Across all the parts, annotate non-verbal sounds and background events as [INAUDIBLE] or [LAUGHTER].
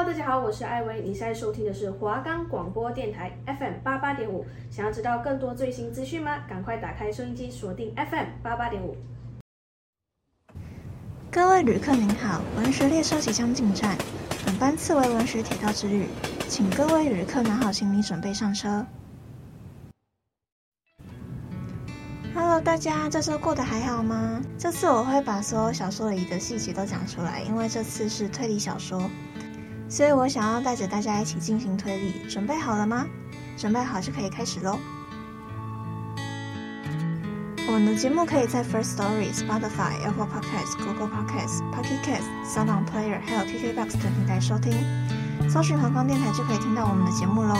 Hello，大家好，我是艾薇，你現在收聽的是華岡廣播電台 FM 八八點五。想要知道更多最新資訊嗎？趕快打開收音機，鎖定 FM 八八點五。各位旅客您好，文學列車即將進站，本班次為文學鐵道之旅，請各位旅客拿好行李，準備上車。Hello，大家，這週過得還好嗎？這次我會把所有小說裡的細節都講出來，因為這次是推理小說。所以我想要帶着大家一起進行推理，準備好了嗎？準備好就可以開始嘍。我們的節目可以在 Firstory、Spotify、Apple Podcasts、Google Podcasts、Pocket Casts、SoundOn Player 還有 KKBOX 等平台收聽，搜尋“華岡電台”就可以聽到我們的節目嘍。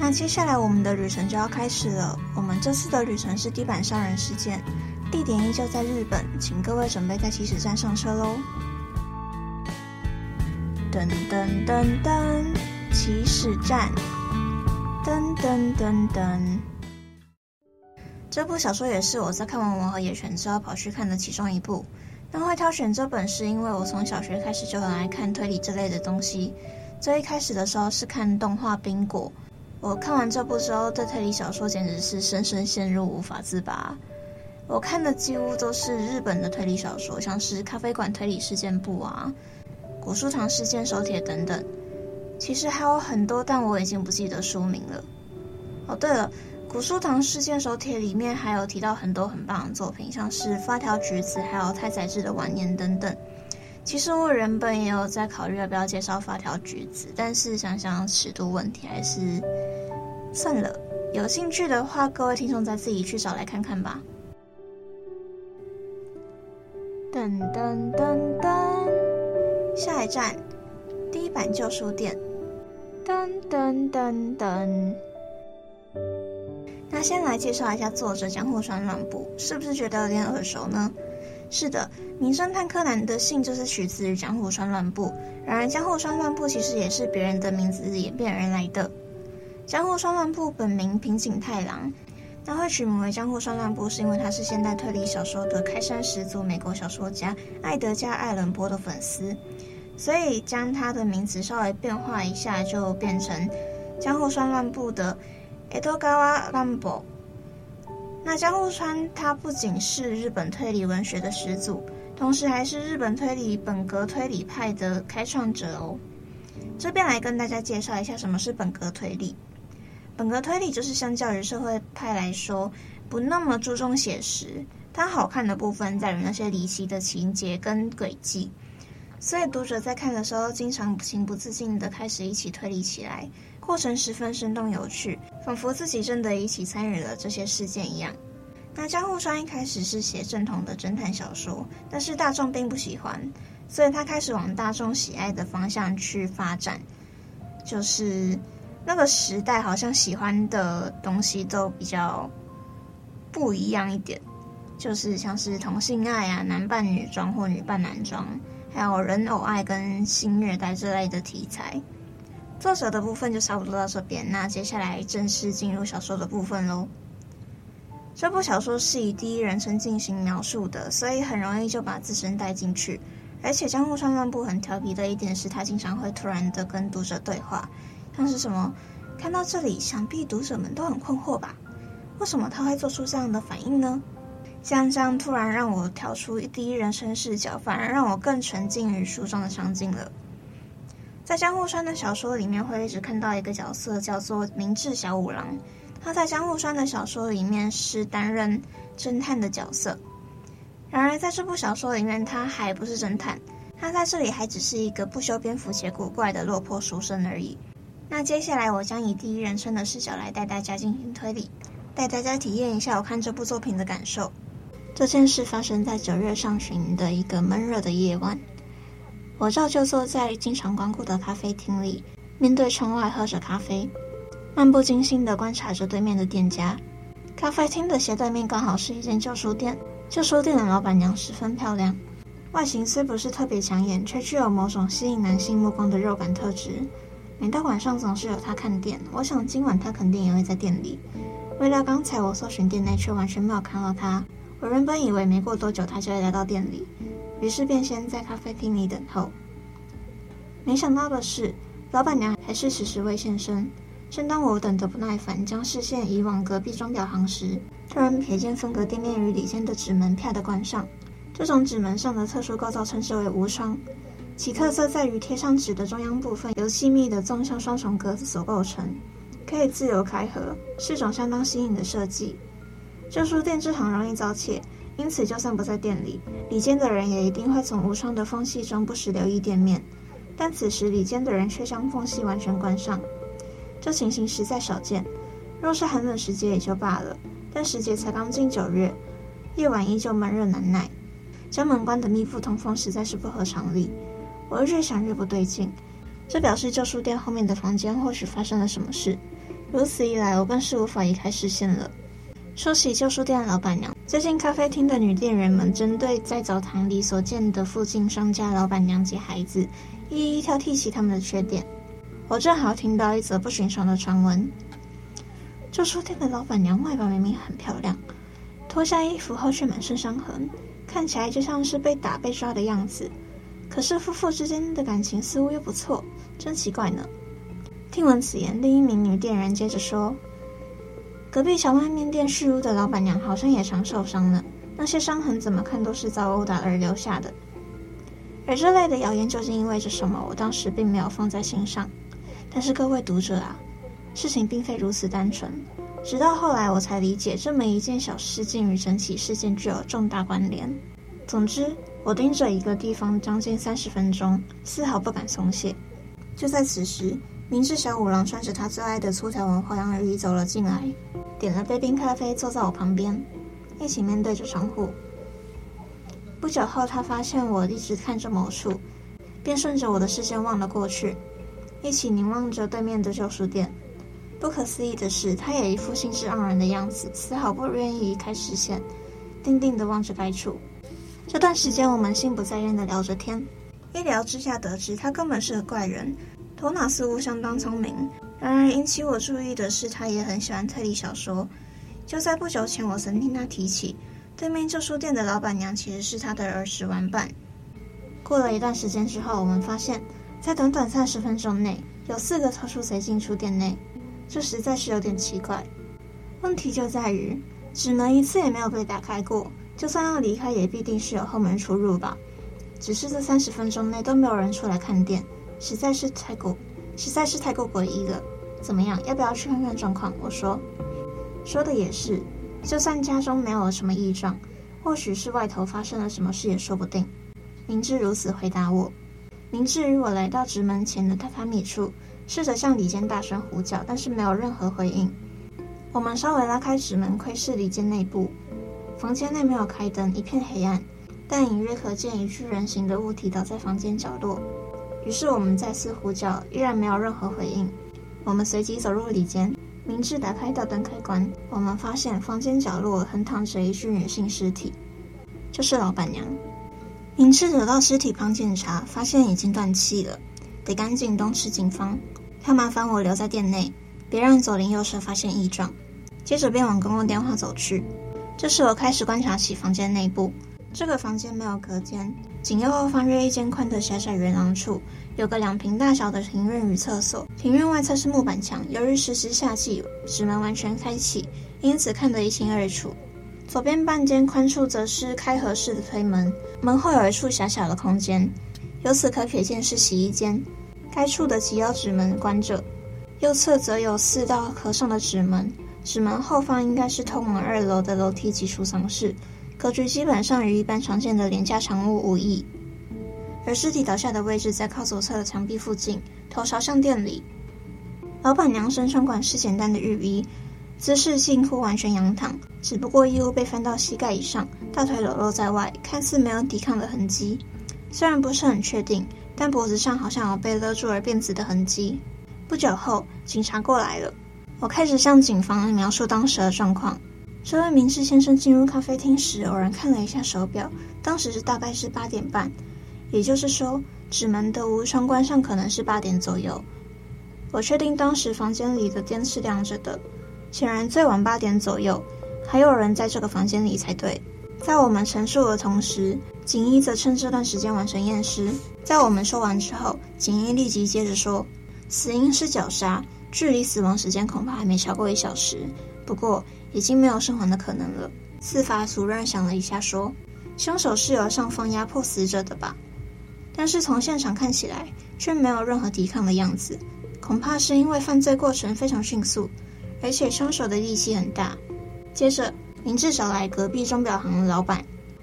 那接下來我們的旅程就要開始了，我們這次的旅程是 D 坂殺人事件，地點依舊在日本，請各位準備在起始站上車嘍。噔噔噔噔，起始站。噔噔噔噔。登登登登這部小說也是我在看完《文豪野犬》之後跑去看的其中一部。但會挑選這本，是因為我從小學開始就很愛看推理這類的東西。最一開始的時候是看動畫《冰果》。我看完這部之後，對推理小說簡直是深深陷入無法自拔。我看的幾乎都是日本的推理小說，像是《咖啡館推理事件簿》啊。《古書堂事件手帖》等等，其實還有很多，但我已經不記得書名了。哦，對了，《古書堂事件手帖》裡面還有提到很多很棒的作品，像是《發條橘子》還有太宰治的《晚年》等等。其實我原本也有在考慮要不要介紹《發條橘子》，但是想想尺度問題，還是算了。有興趣的話，各位聽眾再自己去找來看看吧。噔噔噔噔。下一站，第一版舊書店。噔噔噔噔。那先來介紹一下作者江戶川亂步，是不是覺得有點耳熟呢？是的，名偵探柯南的姓就是取自於江戶川亂步。然而江戶川亂步其實也是別人的名字演變而來的。的江戶川亂步本名平井太郎。他會取名為江戶川亂步，是因為他是現代推理小說的開山始祖，美國小說家艾德加·艾倫·波的粉絲，所以將他的名字稍微變化一下，就變成江戶川亂步的 Edogawa Ranpo。那江戶川他不僅是日本推理文學的始祖，同時還是日本推理本格推理派的開創者哦。這邊來跟大家介紹一下什麼是本格推理。本格推理就是相較於社會派來說，不那麼注重寫實。它好看的部分在於那些離奇的情節跟詭計，所以讀者在看的時候，經常情不自禁地開始一起推理起來，過程十分生動有趣，仿佛自己真的一起參與了這些事件一樣。那江戶川一開始是寫正統的偵探小說，但是大眾並不喜歡，所以他開始往大眾喜愛的方向去發展，就是。那個時代好像喜歡的東西都比較不一樣一點，就是像是同性愛啊、男扮女裝或女扮男裝，還有人偶愛跟性虐待之類的題材。作者的部分就差不多到這邊，那接下來正式進入小說的部分嘍。這部小說是以第一人稱進行描述的，所以很容易就把自身帶進去。而且江戶川亂步很調皮的一點是，他經常會突然的跟讀者對話。那是什麼？看到這裡，想必讀者們都很困惑吧？為什麼他會做出這樣的反應呢？像這樣突然讓我跳出第一人稱視角，反而讓我更沉浸於書中的場景了。在江戶川的小說裡面，會一直看到一個角色叫做明智小五郎，他在江戶川的小說裡面是擔任偵探的角色。然而在這部小說裡面，他還不是偵探，他在這裡還只是一個不修邊幅且古怪的落魄書生而已。那接下來，我將以第一人稱的視角來帶大家進行推理，帶大家體驗一下我看這部作品的感受。這件事發生在九月上旬的一個悶熱的夜晚，我照舊坐在經常光顧的咖啡廳裡，面對窗外喝着咖啡，漫不經心地觀察着對面的店家。咖啡廳的斜對面剛好是一間舊書店，舊書店的老闆娘十分漂亮，外形雖不是特別搶眼，卻具有某種吸引男性目光的肉感特質。每到晚上總是有他看店，我想今晚他肯定也會在店裡。未料剛才我搜尋店內，卻完全沒有看到他。我原本以為沒過多久他就會來到店裡，於是便先在咖啡廳裡等候。沒想到的是，老闆娘還是遲遲未現身。正當我等得不耐煩，將視線移往隔壁鐘錶行時，突然瞥見分隔店面與裡間的紙門啪的關上。這種紙門上的特殊構造稱之為無窗。其特色在於貼上紙的中央部分由細密的縱向雙重格子所構成，可以自由開合，是種相當新穎的設計。舊書店之行容易遭竊，因此就算不在店裡，裡間的人也一定會從無窗的縫隙中不時留意店面。但此時裡間的人卻將縫隙完全關上，這情形實在少見。若是寒冷時節也就罷了，但時節才剛近九月，夜晚依舊悶熱難耐，將門關得密不通風，實在是不合常理。我越想越不對勁，這表示舊書店後面的房間或許發生了什麼事。如此一來，我更是無法移開視線了。說起舊書店的老闆娘，最近咖啡廳的女店員們針對在澡堂裡所見的附近商家老闆娘及孩子，一一挑剔起他們的缺點。我正好聽到一則不尋常的傳聞：舊書店的老闆娘外表明明很漂亮，脫下衣服後卻滿身傷痕，看起來就像是被打被抓的樣子。可是夫婦之間的感情似乎又不錯，真奇怪呢。聽聞此言，另一名女店員接着說：“隔壁小賣麵店事屋的老闆娘好像也常受傷呢，那些傷痕怎麼看都是遭毆打而留下的。”而這類的謠言究竟意味着什麼？我當時並沒有放在心上。但是各位讀者啊，事情並非如此單純。直到後來我才理解，這麼一件小事竟與整起事件具有重大關聯。總之。我盯着一個地方將近三十分鐘，絲毫不敢鬆懈。就在此時，明智小五郎穿着他最愛的粗條紋花羊耳衣走了進來，點了杯冰咖啡，坐在我旁邊，一起面對着窗戶。不久後，他發現我一直看着某處，便順着我的視線望了過去，一起凝望着對面的舊書店。不可思議的是，他也一副興致盎然的樣子，絲毫不願意移開視線，定定地望着該處。這段時間，我們心不在焉的聊着天，一聊之下得知，他根本是個怪人，頭腦似乎相當聰明。然而引起我注意的是，他也很喜歡推理小說。就在不久前，我曾聽他提起，對面舊書店的老闆娘其實是他的兒時玩伴。過了一段時間之後，我們發現，在短短三十分鐘內，有四個偷書賊進出店內，這實在是有點奇怪。問題就在於，紙門一次也沒有被打開過。就算要離開，也必定是有後門出入吧。只是這三十分鐘內都沒有人出來看店，實在是太過，實在是太過詭異了。怎麼樣，要不要去看看狀況？我說，說的也是。就算家中沒有什麼異狀，或許是外頭發生了什麼事也說不定。明智如此回答我。明智，與我來到直門前的榻榻米處，試着向裡間大聲呼叫，但是沒有任何回應。我們稍微拉開直門，窺視裡間內部。房間內沒有開燈，一片黑暗，但隱約可見一具人形的物體倒在房間角落。於是我們再次呼叫，依然沒有任何回應。我們隨即走入裡間，明智打開吊燈開關，我們發現房間角落橫躺着一具女性屍體，就是老板娘。明智走到屍體旁檢查，發現已經斷氣了，得趕緊通知警方。他麻煩我留在店內，別讓左鄰右舍發現異狀。接着便往公共電話走去。這時，我開始觀察起房間內部。這個房間沒有隔間，僅右後方約一間寬的狹窄圓廊處，有個兩坪大小的庭院與廁所。庭院外側是木板牆，由於時值夏季，紙門完全開啟，因此看得一清二楚。左邊半間寬處則是開合式的推門，門後有一處狹小，小的空間，由此可瞥見是洗衣間。該處的極腰紙門關着，右側則有四道合上的紙門。紙門後方應該是通往二樓的樓梯及儲藏室，格局基本上與一般常見的廉價長屋無異。而屍體倒下的位置在靠左側的牆壁附近，頭朝向店裡。老闆娘身穿款式簡單的浴衣，姿勢近乎完全仰躺，只不過衣物被翻到膝蓋以上，大腿裸露在外，看似沒有抵抗的痕跡。雖然不是很確定，但脖子上好像有被勒住而變紫的痕跡。不久後，警察過來了。我開始向警方描述當時的狀況。這位明智先生進入咖啡廳時，偶然看了一下手錶，當時是大概是八點半，也就是說，紙門的無窗關上可能是八點左右。我確定當時房間裡的燈是亮着的，顯然最晚八點左右，還有人在這個房間裡才對。在我們陳述的同時，警醫則趁這段時間完成驗屍。在我們說完之後，警醫立即接着說，死因是絞殺。距離死亡時間恐怕還沒超過一小時，不過已經沒有生還的可能了。司法主任想了一下，說：“兇手是由上方壓迫死者的吧？但是從現場看起來，卻沒有任何抵抗的樣子，恐怕是因為犯罪過程非常迅速，而且兇手的力氣很大。”接着，明智找來隔壁鐘錶行的老闆。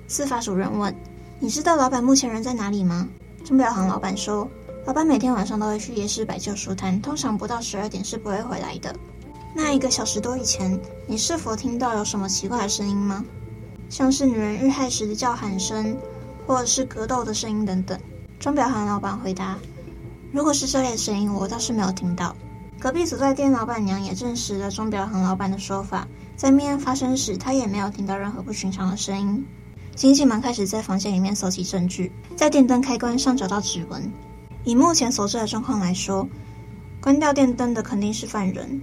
司法主任問：“你知道老闆目前人在哪裡嗎？”鐘錶行老闆說。老闆每天晚上都會去夜市擺舊書攤，通常不到十二點是不會回來的。那一個小時多以前，你是否聽到有什麼奇怪的聲音嗎？像是女人遇害時的叫喊聲，或者是格鬥的聲音等等。鐘錶行老闆回答：“如果是這類聲音，我倒是沒有聽到。”隔壁所在店老闆娘也證實了鐘錶行老闆的說法，在命案發生時，她也沒有聽到任何不尋常的聲音。刑警們開始在房間裡面搜集證據，在電燈開關上找到指紋。以目前所知的狀況來說，關掉電燈的肯定是犯人。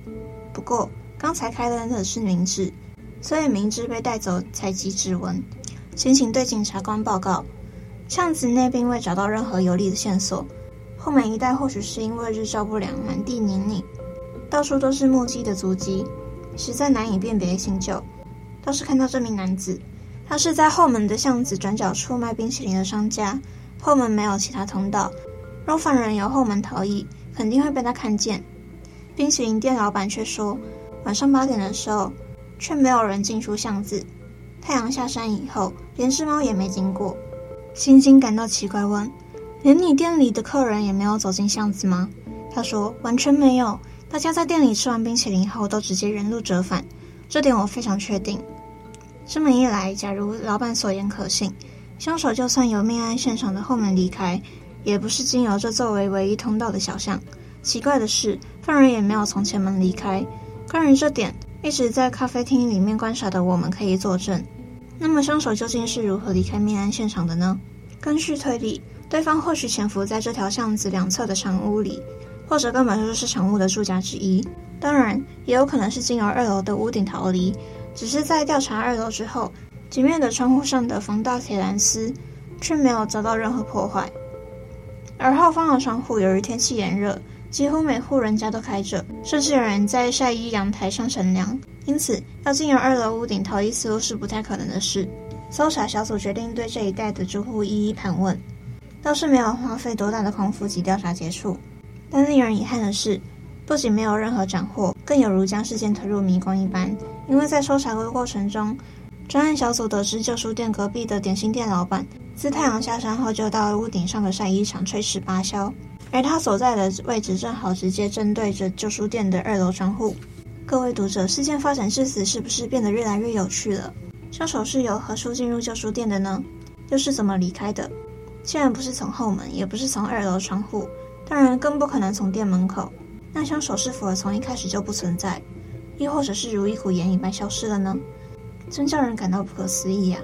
不過，剛才開燈的是明智，所以明智被帶走採集指紋。刑警對警察官報告：巷子內並未找到任何有利的線索。後門一帶或許是因為日照不良，滿地泥濘，到處都是木屐的足迹，實在難以辨別新舊。倒是看到這名男子，他是在後門的巷子轉角處賣冰淇淋的商家。後門沒有其他通道。若犯人由後門逃逸，肯定會被他看見。冰淇淋店老闆卻說，晚上八點的時候，卻沒有人進出巷子。太陽下山以後，連隻貓也沒經過。星星感到奇怪，問：“連你店裡的客人也沒有走進巷子嗎？”他說：“完全沒有，大家在店裡吃完冰淇淋後都直接原路折返，這點我非常確定。”這麼一來，假如老闆所言可信，凶手就算由命案現場的後門離開。也不是經由這作為唯一通道的小巷。奇怪的是，犯人也沒有從前門離開。關於這點，一直在咖啡廳裡面觀察的我們可以作證。那麼，兇手究竟是如何離開命案現場的呢？根據推理，對方或許潛伏在這條巷子兩側的長屋裡，或者根本就是長屋的住家之一。當然，也有可能是經由二樓的屋頂逃離。只是在調查二樓之後，幾面的窗戶上的防盜鐵欄絲卻沒有遭到任何破壞。而後方的窗戶由於天氣炎熱，幾乎每戶人家都開着，甚至有人在曬衣陽台上乘涼。因此，要進入二樓屋頂逃逸似乎是不太可能的事。搜查小組決定對這一帶的住戶一一盤問，倒是沒有花費多大的功夫及調查結束。但令人遺憾的是，不僅沒有任何斬獲，更有如將事件推入迷宮一般。因為在搜查的過程中，專案小組得知舊書店隔壁的點心店老板。自太陽下山後，就到屋頂上的曬衣場吹十芭消，而他所在的位置正好直接正對着舊書店的二樓窗戶。各位讀者，事件發展至此，是不是變得越來越有趣了？兇手是由何處進入舊書店的呢？又是怎麼離開的？既然不是從後門，也不是從二樓窗戶，當然更不可能從店門口。那兇手是否從一開始就不存在，亦或者是如一股煙一般消失了呢？真叫人感到不可思議啊！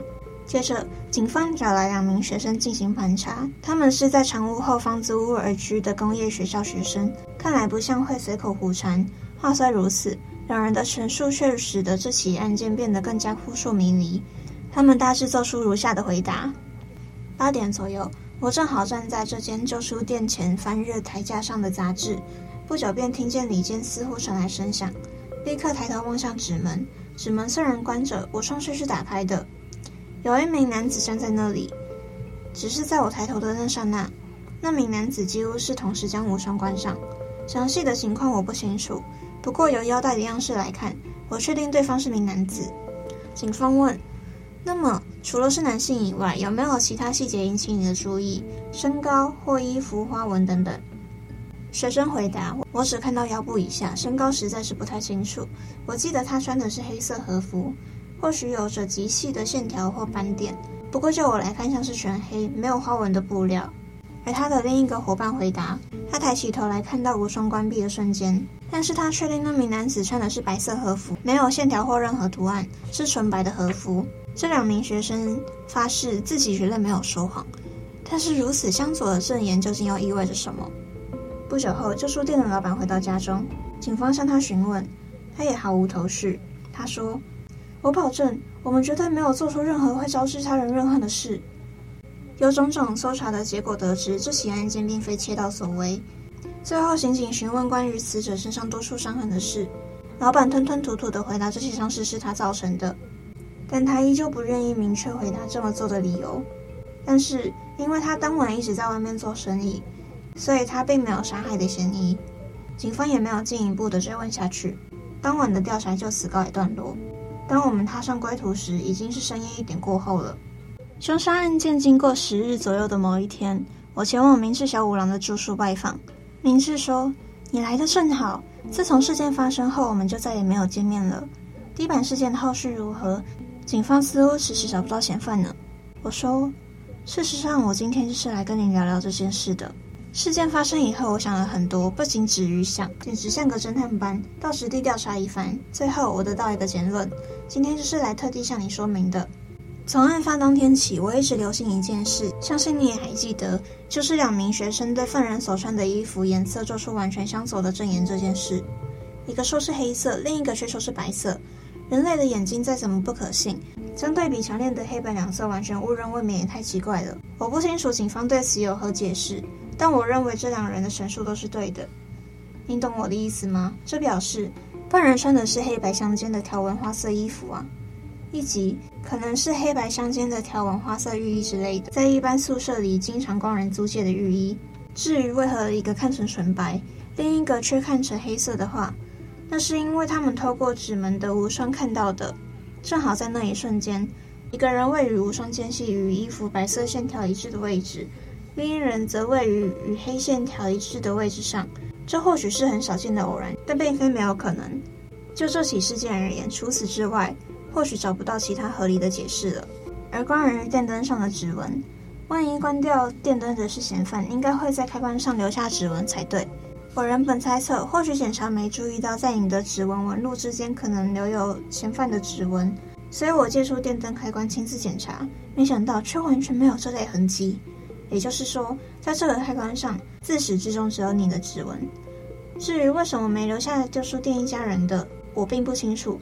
接着，警方找來兩名學生進行盤查。他們是在長屋後方租屋而居的工業學校學生，看來不像會隨口胡纏。話雖如此，兩人的陳述卻使得這起案件變得更加撲朔迷離。他們大致做出如下的回答：八點左右，我正好站在這間舊書店前翻閱檯架上的雜誌，不久便聽見裡間似乎傳來聲響，立刻抬頭望向紙門，紙門雖然關着，我雙手是打開的。有一名男子站在那裡，只是在我抬頭的那剎那，那名男子幾乎是同時將無雙窗關上。詳細的情況我不清楚，不過由腰帶的樣式來看，我確定對方是名男子。警方問：“那麼，除了是男性以外，有沒有其他細節引起你的注意？身高或衣服花紋等等？”學生回答：“我只看到腰部以下，身高實在是不太清楚。我記得他穿的是黑色和服。”或許有着極細的線條或斑點，不過就我來看，像是全黑、沒有花紋的布料。而他的另一個夥伴回答：“他抬起頭來看到無雙關閉的瞬間，但是他確定那名男子穿的是白色和服，沒有線條或任何圖案，是純白的和服。”這兩名學生發誓自己絕對沒有說謊，但是如此相左的證言究竟又意味着什麼？不久後，舊書店的老闆回到家中，警方向他詢問，他也毫無頭緒。他說。我保證，我們絕對沒有做出任何會招致他人怨恨的事。由種種搜查的結果得知，這起案件並非竊盜所為。最後，刑警詢問關於死者身上多處傷痕的事，老闆吞吞吐吐地回答這些傷勢是他造成的，但他依舊不願意明確回答這麼做的理由。但是，因為他當晚一直在外面做生意，所以他並沒有殺害的嫌疑。警方也沒有進一步的追問下去，當晚的調查就此告一段落。當我們踏上歸途時，已經是深夜一點過後了。兇殺案件經過十日左右的某一天，我前往我明智小五郎的住處拜訪。明智說：“你來的正好，自從事件發生後，我們就再也沒有見面了。D 坂事件的後續如何？警方似乎遲遲找不到嫌犯呢。”我說：“事實上，我今天就是來跟你聊聊這件事的。”事件發生以後，我想了很多，不僅止於想，簡直像個偵探般到實地調查一番。最後，我得到一個結論：今天就是來特地向你說明的。從案發當天起，我一直留心一件事，相信你也還記得，就是兩名學生對犯人所穿的衣服顏色做出完全相左的證言這件事。一個說是黑色，另一個卻說是白色。人類的眼睛再怎麼不可信，將對比強烈的黑白兩色完全誤認，未免也太奇怪了。我不清楚警方對此有何解釋。但我認為這兩人的陳述都是對的，你懂我的意思嗎？這表示犯人穿的是黑白相間的條紋花色衣服啊，以及可能是黑白相間的條紋花色浴衣之類的，在一般宿舍裡經常供人租借的浴衣。至於為何一個看成純白，另一個卻看成黑色的話，那是因為他們透過紙門的無雙看到的，正好在那一瞬間，一個人位於無雙間隙與衣服白色線條一致的位置。第一人則位於與黑線條一致的位置上，這或許是很少見的偶然，但並非沒有可能。就這起事件而言，除此之外，或許找不到其他合理的解釋了。而關於電燈上的指紋，萬一關掉電燈的是嫌犯，應該會在開關上留下指紋才對。我原本猜測，或許警察沒注意到在你的指紋紋路之間可能留有嫌犯的指紋，所以我借助電燈開關親自檢查，沒想到卻完全沒有這類痕跡。也就是說，在這個開關上，自始至終只有你的指紋。至於為什麼沒留下舊書店一家人的，我並不清楚。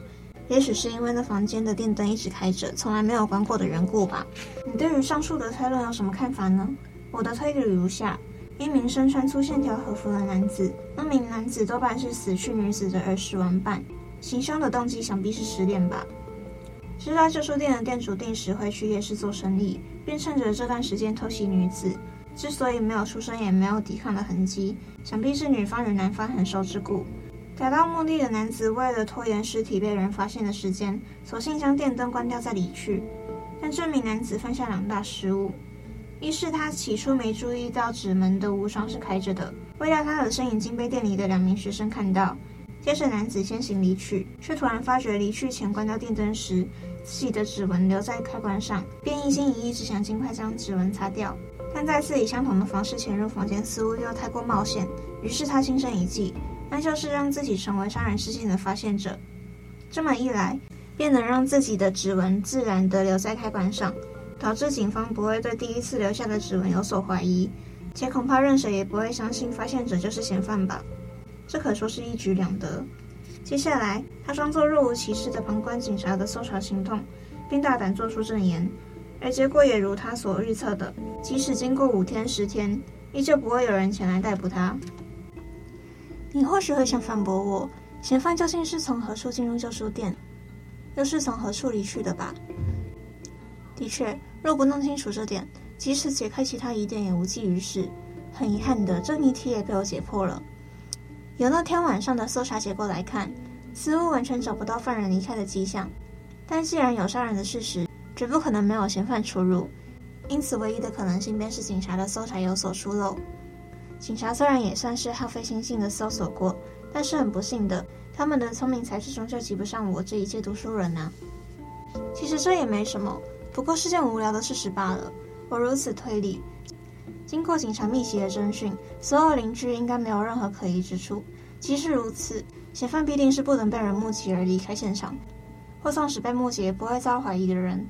也許是因為那房間的電燈一直開着，從來沒有關過的緣故吧。 [LAUGHS] 你對於上述的推論有什麼看法呢？我的推理如下：一名身穿粗線條和服的男子，那名男子多半是死去女子的兒時玩伴。行凶的動機想必是失戀吧。知道舊書店的店主定時會去夜市做生意。便趁着這段時間偷襲女子。之所以沒有出聲，也沒有抵抗的痕跡，想必是女方與男方很熟之故。達到目的的男子，為了拖延屍體被人發現的時間，索性將電燈關掉再離去。但這名男子犯下兩大失誤：一是他起初沒注意到紙門的無雙是開着的，未料他的身影竟被店裡的兩名學生看到。接着男子先行離去，卻突然發覺離去前關掉電燈時。自己的指紋留在開關上，便一心一意只想儘快將指紋擦掉。但再次以相同的方式潛入房間，似乎又太過冒險。於是他心生一計，那就是讓自己成為殺人事件的發現者。這麼一來，便能讓自己的指紋自然地留在開關上，導致警方不會對第一次留下的指紋有所懷疑，且恐怕任誰也不會相信發現者就是嫌犯吧。這可說是一舉兩得。接下來，他裝作若無其事的旁觀警察的搜查行動，並大膽做出證言，而結果也如他所預測的，即使經過五天、十天，依舊不會有人前來逮捕他。你或許會想反駁我，嫌犯究竟是從何處進入舊書店，又是從何處離去的吧？的確，若不弄清楚這點，即使解開其他疑點也無濟於事。很遺憾的，這謎題也被我解破了。由那天晚上的搜查結果來看，似乎完全找不到犯人離開的跡象。但既然有殺人的事實，絕不可能沒有嫌犯出入。因此，唯一的可能性便是警察的搜查有所疏漏。警察雖然也算是耗費心性的搜索過，但是很不幸的，他們的聰明才智終究及不上我這一介讀書人吶、啊。其實這也沒什麼，不過是件無聊的事實罷了。我如此推理。經過警察密集的偵訊，所有鄰居應該沒有任何可疑之處。即使如此，嫌犯必定是不能被人目擊而離開現場，或縱使被目擊也不會遭懷疑的人。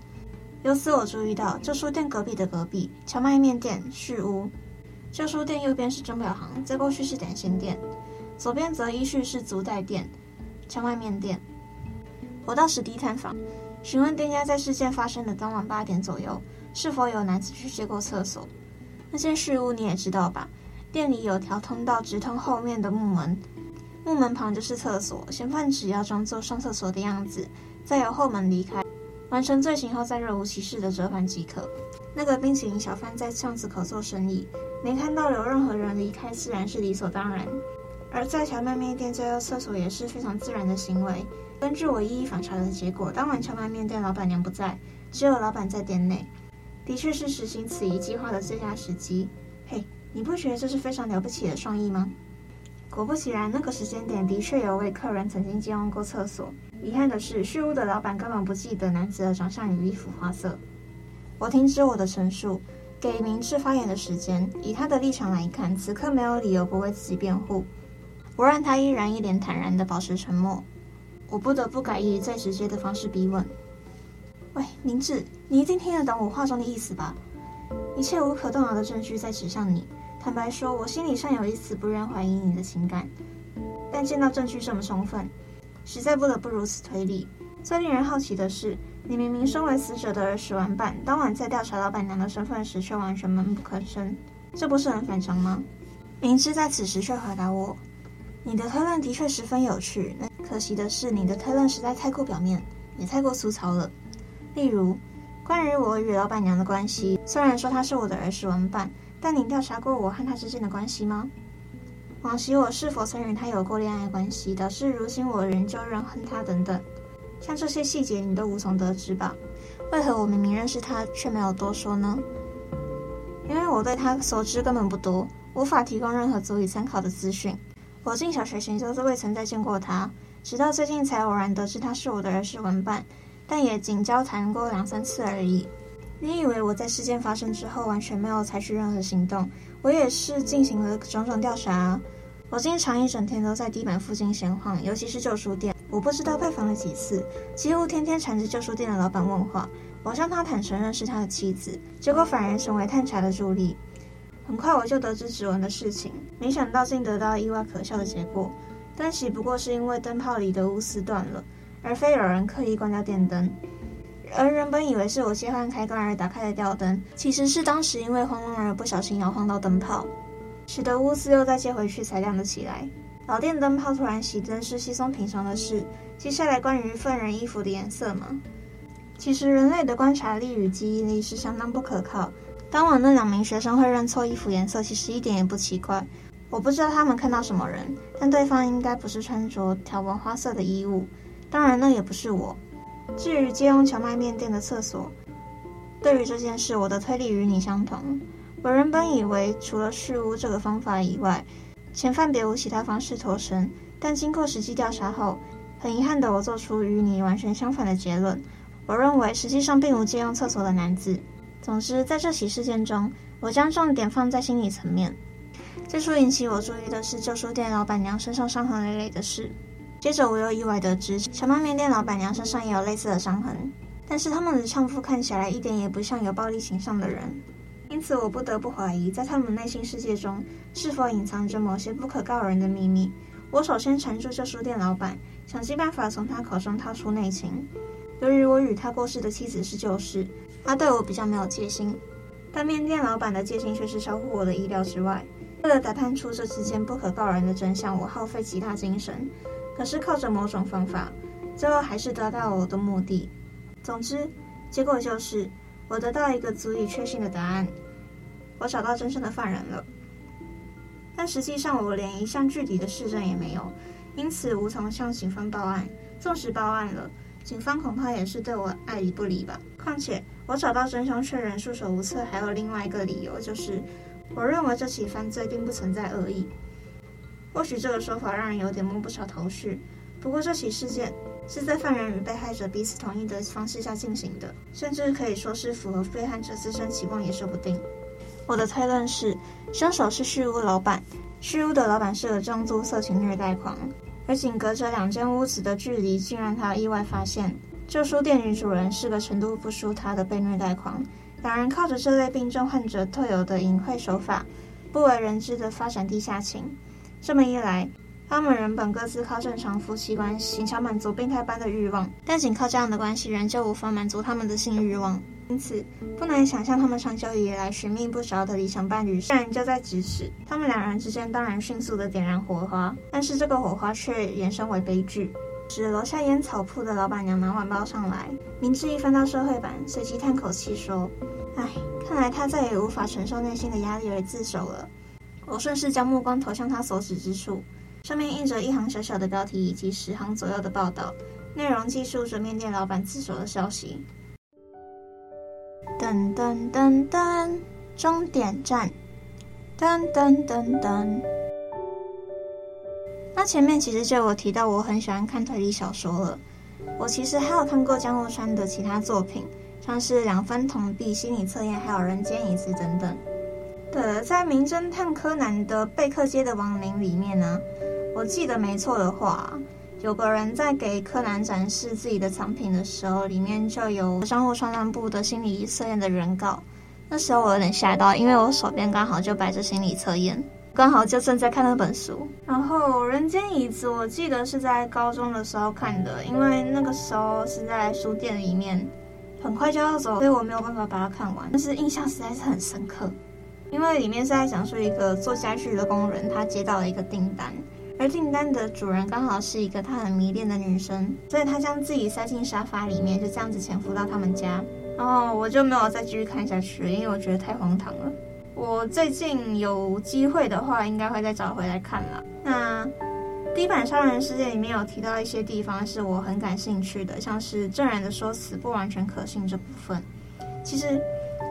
由此，我注意到，舊書店隔壁的隔壁蕎麥麵店是屋。舊書店右邊是鐘錶行，再過去是點心店，左邊則依序是足袋店、蕎麥麵店。我到實地探訪，詢問店家在事件發生的當晚八點左右是否有男子去借過廁所。那件事物你也知道吧？店裡有條通道直通後面的木門，木門旁就是廁所。嫌犯只要裝作上廁所的樣子，再由後門離開，完成罪行後再若無其事的折返即可。那個冰淇淋小販在巷子口做生意，沒看到有任何人離開，自然是理所當然。而在蕎麥麵店就要廁所也是非常自然的行為。根據我一一訪查的結果，當晚蕎麥麵店老闆娘不在，只有老闆在店內。的確是實行此一計劃的最佳時機。嘿，Hey，你不覺得這是非常了不起的創意嗎？果不其然，那個時間點的確有位客人曾經借用過廁所。遺憾的是，敘屋的老板根本不記得男子的長相與衣服花色。我停止我的陳述，給明智發言的時間。以他的立場來看，此刻沒有理由不為自己辯護。我讓他依然一臉坦然地保持沉默。我不得不改以最直接的方式逼問。喂，明智，你一定聽得懂我話中的意思吧？一切無可動搖的證據在指向你。坦白說，我心裡尚有一絲不願懷疑你的情感，但見到證據這麼充分，實在不得不如此推理。最令人好奇的是，你明明身為死者的兒時玩伴，當晚在調查老闆娘的身份時卻完全悶不吭聲，這不是很反常嗎？明智在此時卻回答我：“你的推論的確十分有趣，可惜的是，你的推論實在太過表面，也太過粗糙了。”例如，關於我與老闆娘的關係，雖然說她是我的兒時玩伴，但您調查過我和她之間的關係嗎？往昔我是否曾與她有過戀愛關係的，導致如今我仍舊仍恨她等等，像這些細節你都無從得知吧？為何我明明認識她，卻沒有多說呢？因為我對她所知根本不多，無法提供任何足以參考的資訊。我進小學前就是未曾再見過她，直到最近才偶然得知她是我的兒時玩伴。但也僅交談過兩三次而已。你以為我在事件發生之後完全沒有採取任何行動？我也是進行了種種調查啊。我經常一整天都在 D 坂附近閒晃，尤其是舊書店。我不知道拜訪了幾次，幾乎天天纏着舊書店的老板問話。我向他坦誠認識他的妻子，結果反而成為探查的助力。很快我就得知指紋的事情，沒想到竟得到意外可笑的結果。但只不過是因為燈泡裡的鎢絲斷了。而非有人刻意關掉電燈，而原本以為是我切換開關而打開的吊燈，其實是當時因為慌亂而不小心搖晃到燈泡，使得鎢絲又再接回去才亮了起來。老電燈泡突然熄燈是稀鬆平常的事。接下來關於犯人衣服的顏色嘛，其實人類的觀察力與記憶力是相當不可靠。當晚那兩名學生會認錯衣服顏色，其實一點也不奇怪。我不知道他們看到什麼人，但對方應該不是穿着條紋花色的衣物。當然，那也不是我。至於借用蕎麥麵店的廁所，對於這件事，我的推理與你相同。我原本以為除了去污這個方法以外，嫌犯別無其他方式脫身。但經過實際調查後，很遺憾的我做出與你完全相反的結論。我認為實際上並無借用廁所的男子。總之，在這起事件中，我將重點放在心理層面。最初引起我注意的是舊書店老板娘身上傷痕累累的事。接着，我又意外得知，蕎麥麵店老闆娘身上也有類似的傷痕，但是他們的丈夫看起來一點也不像有暴力傾向的人，因此我不得不懷疑，在他們內心世界中，是否隱藏着某些不可告人的秘密。我首先纏住舊書店老闆，想盡辦法從他口中套出內情。由於我與他過世的妻子是舊識，他對我比較沒有戒心，但麵店老闆的戒心卻是超乎我的意料之外。為了打探出這之間不可告人的真相，我耗費極大精神。可是靠着某種方法，最後還是達到了我的目的。總之，結果就是我得到一個足以確信的答案，我找到真正的犯人了。但實際上，我連一項具體的實證也沒有，因此無從向警方報案。縱使報案了，警方恐怕也是對我愛理不理吧。況且，我找到真凶卻仍束手無策，還有另外一個理由就是，我認為這起犯罪並不存在惡意。或許這個說法讓人有點摸不着頭緒，不過這起事件是在犯人與被害者彼此同意的方式下進行的，甚至可以說是符合被害者自身情況也說不定。 [NOISE] 我的推論是，兇手是虛屋老板，虛屋的老板是個重度色情虐待狂，而僅隔着兩間屋子的距離，竟讓他意外發現舊書店女主人是個程度不輸他的被虐待狂，兩人靠着這類病症患者特有的隱晦手法，不為人知的發展地下情。這麼一來，他們原本各自靠正常夫妻關係勉強滿足病態般的欲望，但僅靠這樣的關係，仍舊無法滿足他們的性欲望。因此，不難想象他們長久以來尋覓不着的理想伴侶，雖然就在咫尺。他們兩人之間當然迅速的點燃火花，但是這個火花却延伸為悲劇。只樓下菸草鋪的老板娘拿晚報上來，明智一翻到社會版，隨即嘆口氣說：“唉，看來他再也無法承受內心的壓力而自首了。”我順勢將目光投向他所指之處，上面印着一行小小的標題以及十行左右的報道，內容記述着面店老闆自首的消息。噔噔噔噔，終點站。噔噔噔噔。那前面其實就有提到我很喜歡看推理小說了，我其實還有看過江戶川的其他作品，像是兩分銅幣、心理測驗，還有人間椅子等等。對了，在《名偵探柯南》的貝克街的亡靈裡面呢、啊，我記得沒錯的話，有個人在給柯南展示自己的藏品的時候，裡面就有江戶川亂步的心理測驗的人稿。那時候我有點嚇到，因為我手邊剛好就擺着心理測驗，剛好就正在看那本書。然後《人間椅子》，我記得是在高中的時候看的，因為那個時候是在書店裡面，很快就要走，所以我沒有辦法把它看完，但是印象實在是很深刻。因為裡面是在講述一個做家具的工人，他接到了一個訂單，而訂單的主人剛好是一個他很迷戀的女生，所以他將自己塞進沙發裡面，就這樣子潛伏到他們家。然後我就沒有再繼續看下去，因為我覺得太荒唐了。我最近有機會的話，應該會再找回來看了。那《D 坂殺人事件》裡面有提到一些地方是我很感興趣的，像是證人的說辭不完全可信這部分，其實。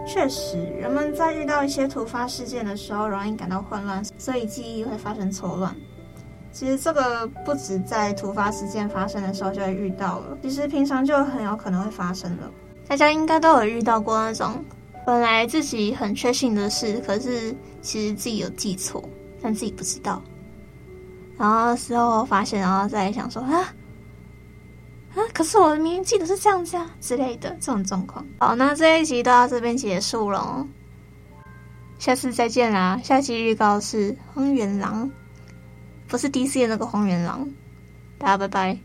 確實，人們在遇到一些突發事件的時候，容易感到混亂，所以記憶會發生錯亂。其實這個不止在突發事件發生的時候就會遇到了，其實平常就很有可能會發生了。大家應該都有遇到過那種，本來自己很確信的事，可是其實自己有記錯，但自己不知道，然後事後發現，然後再想說啊。啊！可是我明明記得是這樣子啊之類的這種狀況。好，那這一集到這邊結束了，下次再見啦！下期預告是荒原狼，不是 DC 的那個荒原狼。大家拜拜。